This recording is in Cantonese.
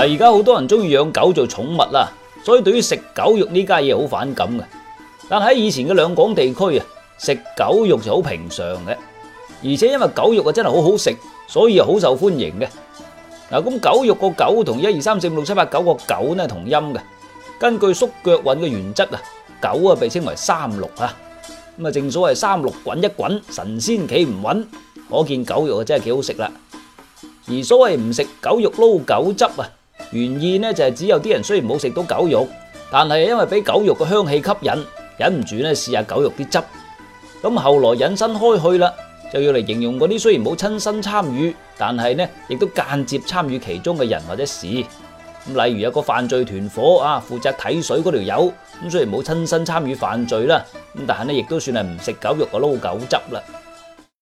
係而家好多人中意養狗做寵物啦，所以對於食狗肉呢家嘢好反感嘅。但喺以前嘅兩廣地區啊，食狗肉就好平常嘅，而且因為狗肉啊真係好好食，所以好受歡迎嘅。嗱，咁狗肉個狗同一二三四五六七八九個狗呢同音嘅，根據縮腳韻嘅原則啊，狗啊被稱為三六啊，咁啊正所謂三六滾一滾，神仙企唔穩，可見狗肉啊真係幾好食啦。而所謂唔食狗肉撈狗汁啊。原意呢就係指有啲人雖然冇食到狗肉，但係因為俾狗肉個香氣吸引，忍唔住呢試下狗肉啲汁。咁後來引申開去啦，就要嚟形容嗰啲雖然冇親身參與，但係呢亦都間接參與其中嘅人或者事。咁例如有個犯罪團伙啊，負責睇水嗰條友咁，雖然冇親身參與犯罪啦，咁但係呢亦都算係唔食狗肉個撈狗汁啦。